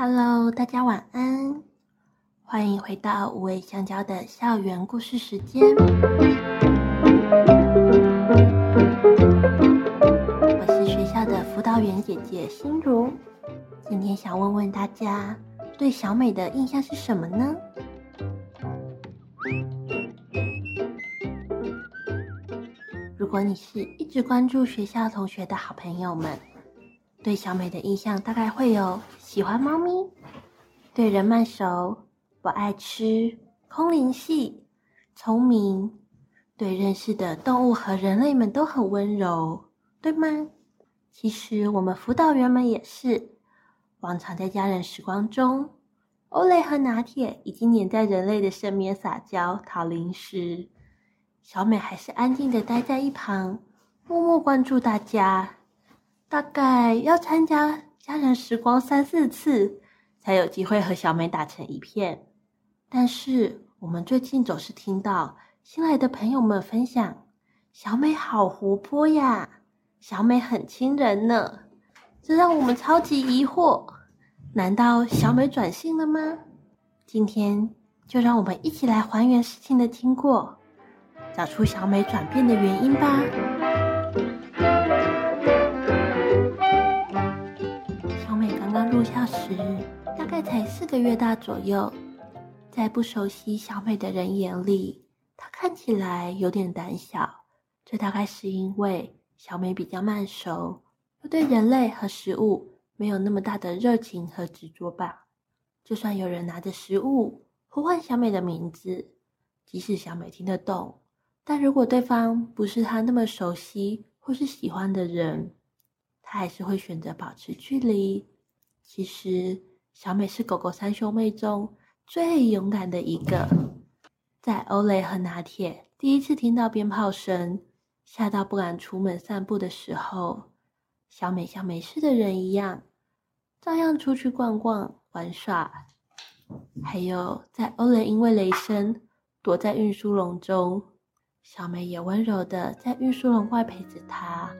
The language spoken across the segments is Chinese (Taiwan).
Hello，大家晚安，歡迎回到無尾香蕉的校園故事時間。我是學校的輔導員姐姐心如，今天想問問大家對小美的印象是什麼呢？如果你是一直關注學校同學的好朋友們，對小美的印象大概會有、哦。喜歡貓咪，對人慢熟，不愛吃，空靈系，聰明，對認識的動物和人類們都很溫柔，對嗎？其實我們輔導員們也是。往常在家人時光中，歐蕾和拿鐵已經黏在人類的身邊撒嬌討零食，小美還是安靜的待在一旁，默默關注大家。大概要參加。家人時光三四次，才有機會和小美打成一片。但是我們最近總是聽到新來的朋友們分享，小美好活潑呀，小美很親人呢，這讓我們超級疑惑。難道小美轉性了嗎？今天就讓我們一起來還原事情的經過，找出小美轉變的原因吧。時大概才四個月大左右，在不熟悉小美的人眼裡，她看起來有點膽小。這大概是因為小美比較慢熟，又對人類和食物沒有那麼大的熱情和執着吧。就算有人拿着食物呼喚小美的名字，即使小美聽得懂，但如果對方不是她那麼熟悉或是喜歡的人，她還是會選擇保持距離。其實，小美是狗狗三兄妹中最勇敢的一個。在歐蕾和拿鐵第一次聽到鞭炮聲，嚇到不敢出門散步的時候，小美像沒事的人一樣，照樣出去逛逛、玩耍。還有，在歐蕾因為雷聲躲在運輸籠中，小美也溫柔地在運輸籠外陪着她。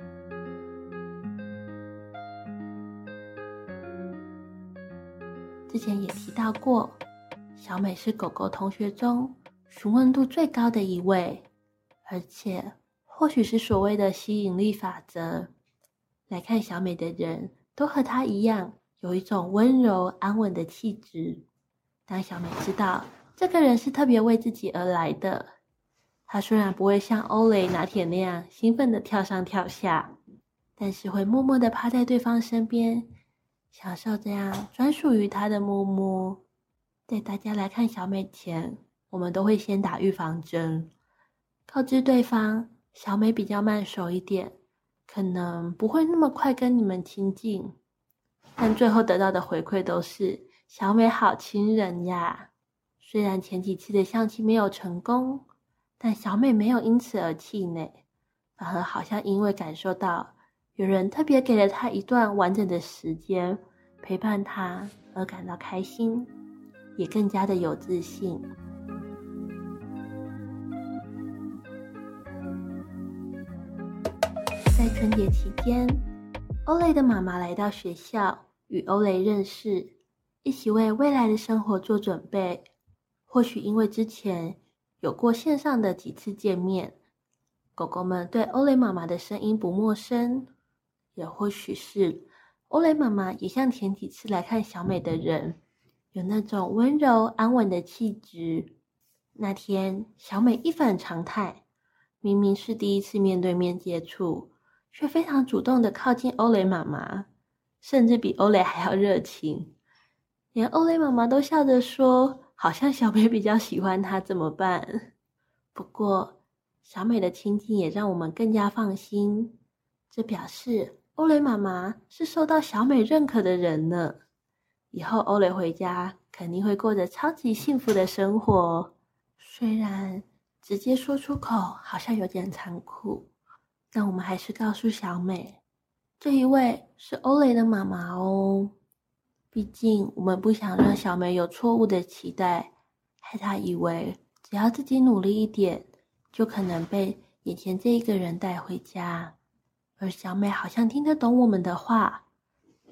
之前也提到過，小美是狗狗同學中詢問度最高的一位，而且或許是所謂的吸引力法則，來看小美的人都和她一樣有一種溫柔安穩的氣質。當小美知道這個人是特別為自己而來的，她雖然不會像歐蕾拿鐵那樣興奮的跳上跳下，但是會默默的趴在對方身邊。享受這樣專屬於他的摸摸，在大家來看小美前，我們都會先打預防針，告知對方小美比較慢熟一點，可能不會那麼快跟你們親近。但最後得到的回饋都是“小美好親人呀”，雖然前幾次的相親沒有成功，但小美沒有因此而氣餒，反而好像因為感受到，有人特別給了他一段完整的時間陪伴他，而感到開心，也更加的有自信。在春節期間，歐蕾的媽媽來到學校與歐蕾認識，一起為未來的生活做準備。或許因為之前有過線上的幾次見面，狗狗們對歐蕾媽媽的聲音不陌生。也或許是歐蕾媽媽也像前幾次來看小美的人，有那種溫柔安穩的氣質。那天小美一反常態，明明是第一次面對面接觸，卻非常主動的靠近歐蕾媽媽，甚至比歐蕾還要熱情。連歐蕾媽媽都笑着說：“好像小美比較喜歡她，怎麼辦？”不過小美的親近也讓我們更加放心，這表示。歐蕾媽媽是受到小美認可的人呢，以後歐蕾回家肯定會過着超級幸福的生活。雖然直接說出口好像有點殘酷，但我們還是告訴小美，這一位是歐蕾的媽媽哦。畢竟我們不想讓小美有錯誤的期待，害她以為只要自己努力一點，就可能被眼前這一個人帶回家。而小美好像聽得懂我們的話，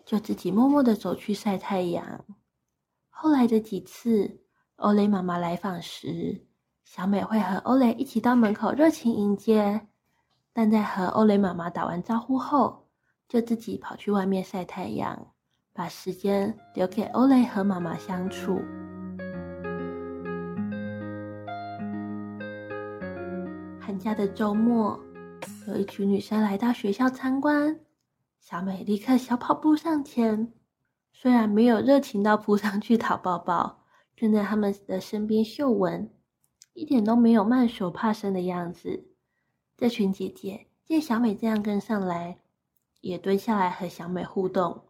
就自己默默的走去曬太陽。後來的幾次，歐蕾媽媽來訪時，小美會和歐蕾一起到門口熱情迎接，但在和歐蕾媽媽打完招呼後，就自己跑去外面曬太陽，把時間留給歐蕾和媽媽相處。寒假的周末。有一群女生來到學校參觀，小美立刻小跑步上前，雖然沒有熱情到撲上去討抱抱，卻在他們的身邊嗅聞，一點都沒有慢手怕生的樣子。這群姐姐見小美這樣跟上來，也蹲下來和小美互動。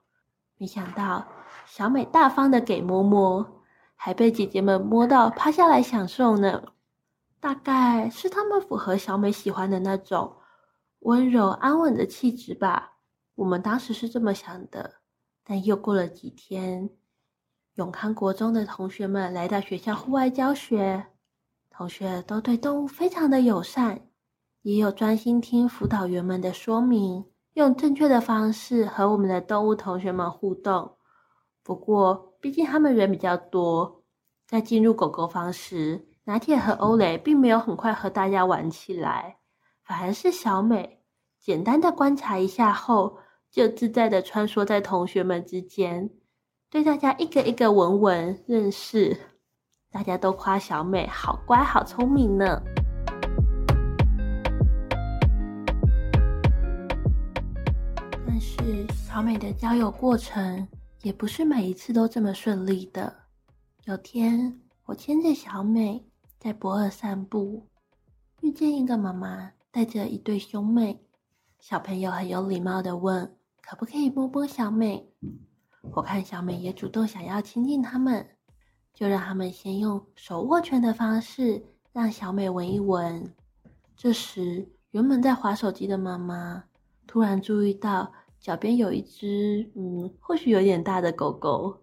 沒想到小美大方的給摸摸，還被姐姐們摸到趴下來享受呢。大概是她們符合小美喜歡的那種。溫柔安穩的氣質吧，我們當時是這麼想的。但又過了幾天，永康國中的同學們來到學校戶外教學，同學都對動物非常的友善，也有專心聽輔導員們的說明，用正確的方式和我們的動物同學們互動。不過，畢竟他們人比較多，在進入狗狗房時，拿鐵和歐蕾並沒有很快和大家玩起來，反而是小美。簡單的觀察一下後，就自在的穿梭在同學們之間，對大家一個一個聞聞認識。大家都誇小美好乖好聰明呢。但是小美的交友過程也不是每一次都這麼順利的。有天，我牽着小美在博爾散步，遇見一個媽媽帶着一對兄妹。小朋友很有禮貌地問：“可不可以摸摸小美？”我看小美也主動想要親近他們，就讓他們先用手握拳的方式讓小美聞一聞。這時，原本在滑手機的媽媽突然注意到腳邊有一隻……嗯，或許有點大的狗狗，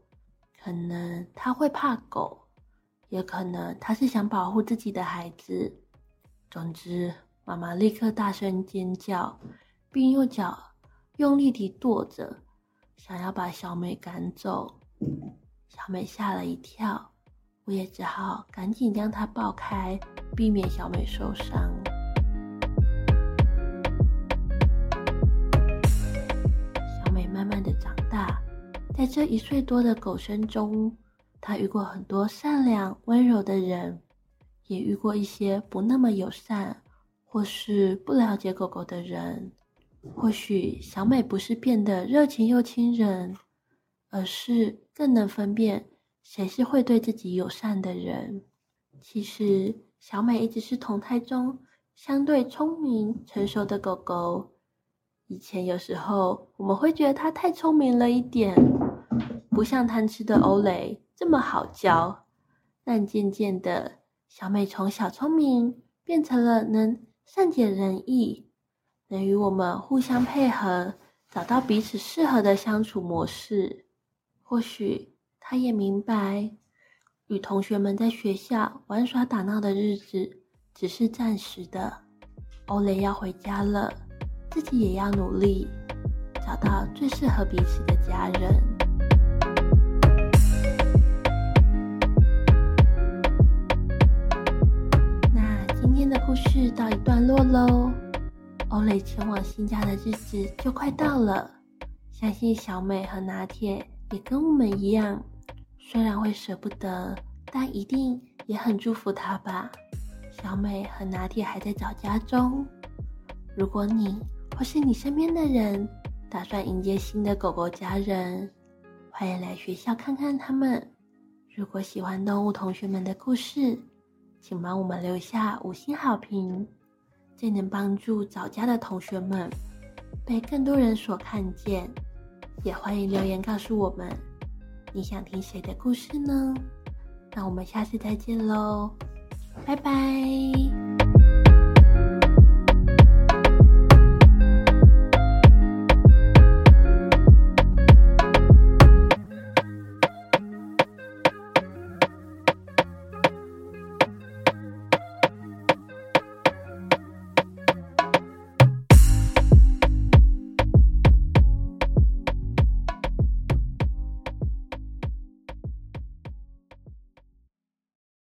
可能它會怕狗，也可能它是想保護自己的孩子。總之，媽媽立刻大聲尖叫。並用腳用力地跺着，想要把小美趕走。小美嚇了一跳，我也只好趕緊將它抱開，避免小美受傷。小美慢慢地長大，在這一歲多的狗生中，她遇過很多善良溫柔的人，也遇過一些不那麼友善或是不了解狗狗的人。或許小美不是變得熱情又親人，而是更能分辨誰是會對自己友善的人。其實小美一直是同胎中相對聰明成熟的狗狗。以前有時候我們會覺得它太聰明了一點，不像貪吃的歐蕾這麼好教。但漸漸的，小美從小聰明變成了能善解人意。能與我們互相配合，找到彼此適合的相處模式。或許他也明白，與同學們在學校玩耍打鬧的日子只是暫時的。歐蕾要回家了，自己也要努力，找到最適合彼此的家人。那今天的故事到一段落嘍。歐蕾前往新家的日子就快到了，相信小美和拿鐵也跟我們一樣，雖然會捨不得，但一定也很祝福她吧。小美和拿鐵還在找家中。如果你或是你身邊的人打算迎接新的狗狗家人，歡迎來學校看看他們。如果喜歡動物同學們的故事，請幫我們留下五星好評。最能幫助找家的同學們被更多人所看見，也歡迎留言告訴我們你想聽誰的故事呢？那我們下次再見嘍，拜拜。